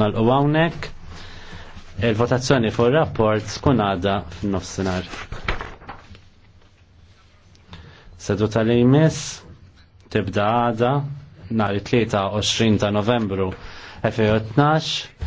nalqu hawnhekk. Il-votazzjoni fuq ir-rapport tkun għadha f'nofsinhar. Seduta li jmiss tibda għada nhar 23 ta' Novembru 2012